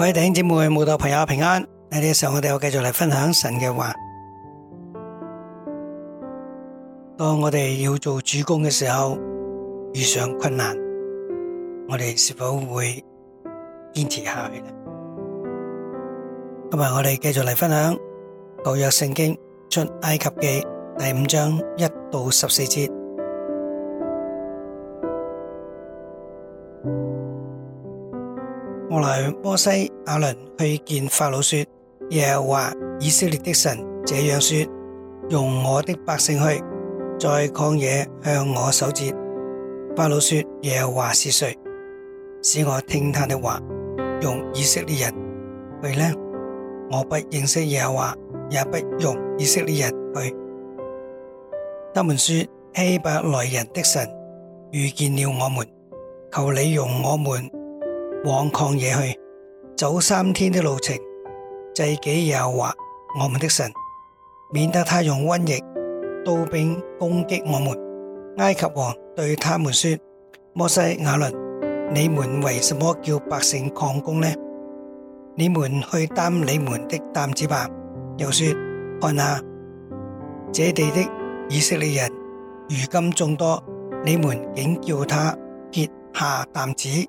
各位弟兄姊妹、慕道朋友平安，喺呢個時候我哋又繼續嚟分享神嘅話。當我哋要做主工嘅時候，遇上困難，我哋是否會堅持下去呢？今日我哋繼續嚟分享《舊約聖經》出埃及記第五章一到十四節。後來摩西亞倫，去見法老說，也說耶華以色列的神這樣說：用我的百姓去，在曠野向我守節。法老說，耶華是誰？使我聽他的話，用以色列人去呢？我不認識耶華，也不用以色列人去。他們說，希伯來人的神遇見了我們，求你用我們。往曠野去，走三天的路程，祭祀耶和華我們的神，免得他用瘟疫、刀兵攻擊我們。埃及王對他們說：摩西亞倫，你們為什麼叫百姓曠工呢？你們去擔你們的擔子吧。又說：看哪，這地的以色列人，如今眾多，你們竟叫他歇下擔子。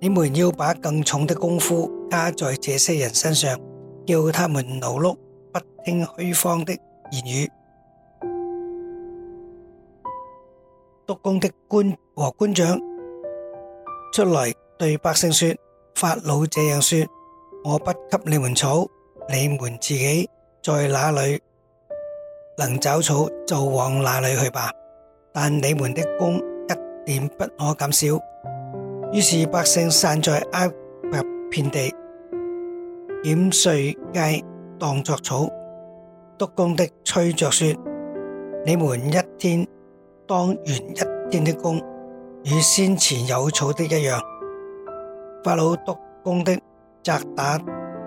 你們要把更重的功夫加在這些人身上，叫他們勞碌，不聽虛謊的言語。督工的官和官長出嚟對百姓說：法老這樣說，我不給你們草，你們自己在哪裏能找草就往哪裏去吧，但你們的工一點不可減少。於是百姓散在埃及遍地撿碎秸當作草，督工的催着說：你們一天當完一天的工，與先前有草的一樣。法老督工的責打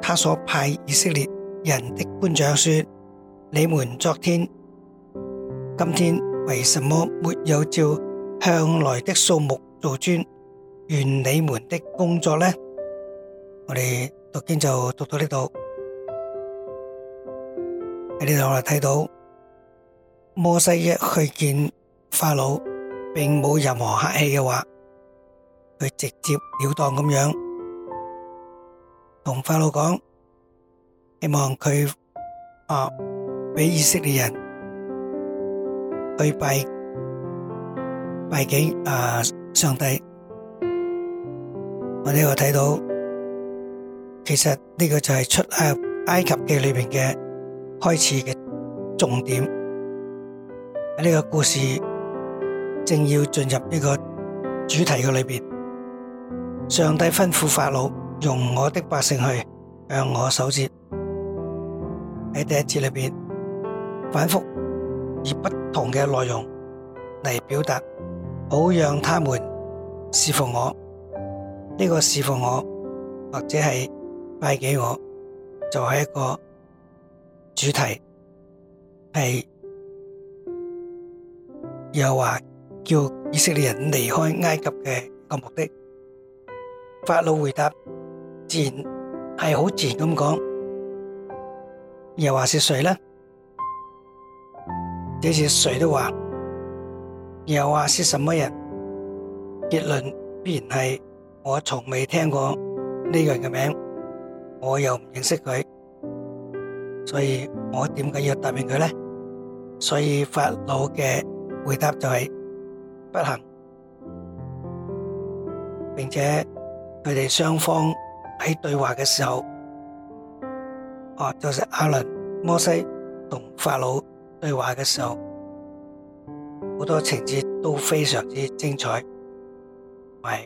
他所派以色列人的官長說：你們昨天、今天為什麼沒有照向來的數目做磚？願你們的工作呢，我哋讀經就讀到呢度。喺呢度，我哋睇到摩西一去見法老，並冇任何客氣嘅話，佢直接了當咁樣同法老講，希望佢啊俾以色列人去拜拜祭啊上帝。我呢個睇到，其實呢個就係出埃及記裏邊嘅開始嘅重點。喺呢個故事正要進入呢個主題嘅裏邊，上帝吩咐法老用我的百姓去向我守節。喺第一節裏邊，反覆以不同嘅內容嚟表達，好讓他們侍奉我。呢個侍奉我或者係拜祭我，就係一個主題，係又話叫以色列人離開埃及嘅一個目的。法老回答自然係好自然咁講，又話是誰呢？這是誰都話，又話是什麼人？結論必然係。我從未聽過呢個人嘅名，我又唔認識佢，所以我點解要答應佢咧？所以法老嘅回答就係不行，並且佢哋雙方喺對話嘅時候，哦，就是亞倫、摩西同法老對話嘅時候，好多情節都非常之精彩，係。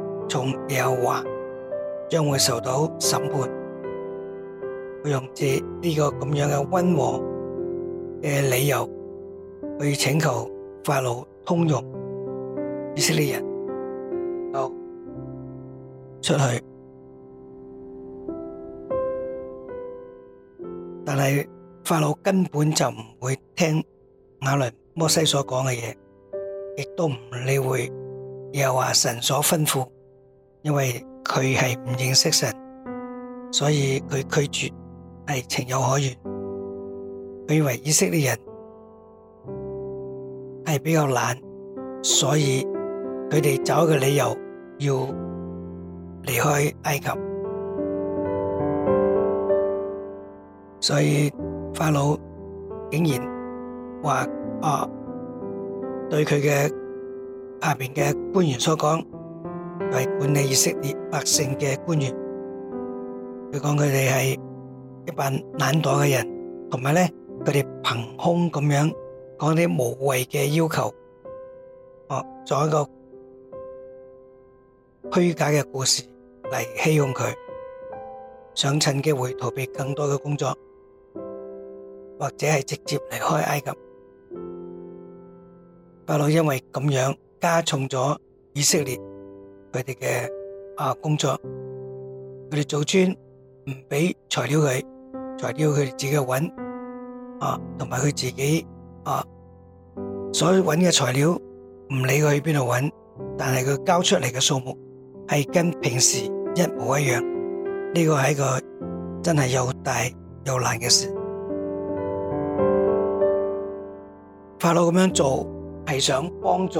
仲又話將會受到審判，用這呢個咁樣嘅溫和嘅理由去請求法老通融以色列人出去，但係法老根本就唔會聽亞倫、摩西所講嘅嘢，亦都唔理會，耶和華神所吩咐。因為佢係唔認識神，所以佢拒絕係情有可原。佢以為以色列人係比較懶，所以佢哋找一個理由要離開埃及。所以法老竟然話：誒、哦，對佢嘅下邊嘅官員所講。係管理以色列百姓嘅官員，佢講佢哋係一班懶惰嘅人，同埋呢佢哋憑空咁樣講啲無謂嘅要求，哦，做一個虛假嘅故事嚟欺哄佢，想趁機會逃避更多嘅工作，或者係直接離開埃及。法老因為咁樣加重咗以色列。佢哋嘅啊工作，佢哋做磚唔俾材料佢，材料佢自己去搵啊，同埋佢自己啊所搵嘅材料，唔理佢去邊度搵，但係佢交出嚟嘅數目係跟平時一模一樣。呢個係一個真係又大又難嘅事。法老咁樣做係想幫助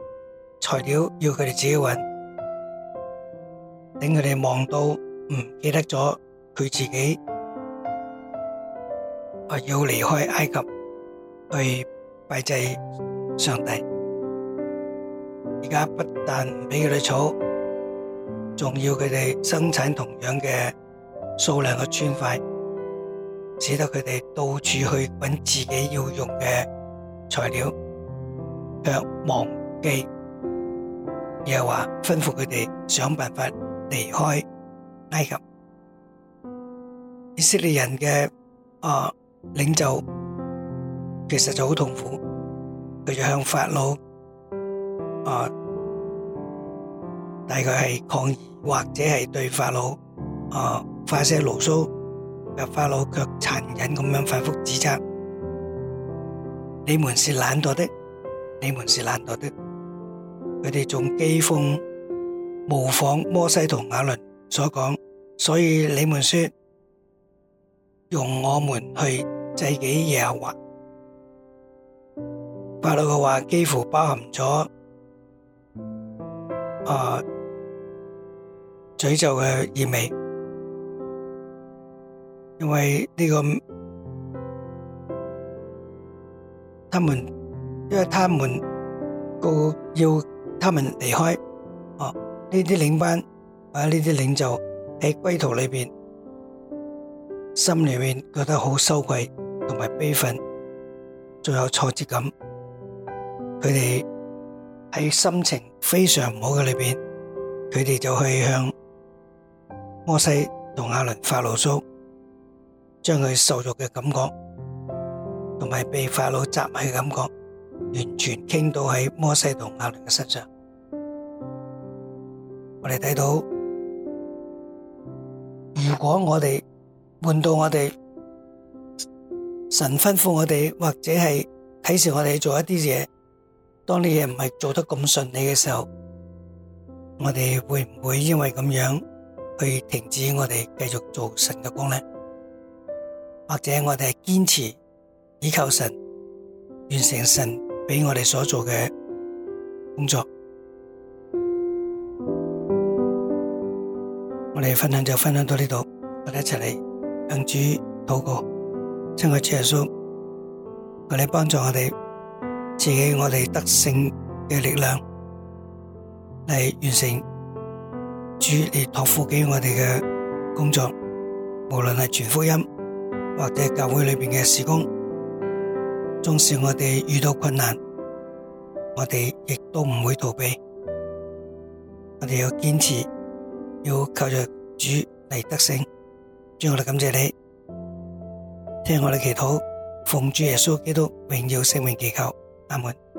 材料要佢哋自己搵，等佢哋忙到唔記得咗佢自己啊，要離開埃及去拜祭上帝。而家不但唔俾佢哋草，仲要佢哋生產同樣嘅數量嘅磚塊，使得佢哋到處去揾自己要用嘅材料，卻忘記。又話吩咐佢哋想辦法離開埃及。以色列人嘅啊領袖其實就好痛苦，佢就向法老啊，大概係抗議或者係對法老啊發些牢騷。但法老卻殘忍咁樣反復指責：你們是懶惰的，你們是懶惰的。佢哋仲譏諷、模仿摩西同亞倫所講，所以你們說用我們去祭祀耶和華，法老嘅話幾乎包含咗啊詛咒嘅意味，因為呢個他們，因為他們都要。他們離開，哦，呢啲領班或者呢啲領袖喺歸途裏面，心裏面覺得好羞愧同埋悲憤，仲有挫折感。佢哋喺心情非常唔好嘅裏面，佢哋就去向摩西同亞倫發牢騷，將佢受辱嘅感覺同埋被法老責罵嘅感覺，完全傾倒喺摩西同亞倫嘅身上。我哋睇到，如果我哋換到我哋神吩咐我哋，或者係啟示我哋做一啲嘢，當啲嘢唔係做得咁順利嘅時候，我哋會唔會因為咁樣去停止我哋繼續做神嘅工咧？或者我哋係堅持依靠神，完成神俾我哋所做嘅工作？我哋分享就分享到呢度，我哋一齊嚟向主禱告，親愛嘅主耶穌，我哋幫助我哋賜俾，我哋得勝嘅力量嚟完成主嚟託付俾我哋嘅工作，無論係傳福音或者教會裏邊嘅事工，縱使我哋遇到困難，我哋亦都唔會逃避，我哋要堅持。要靠着主嚟得勝，主我哋感謝你，聽我哋祈禱，奉主耶穌基督榮耀聖名祈求，阿門。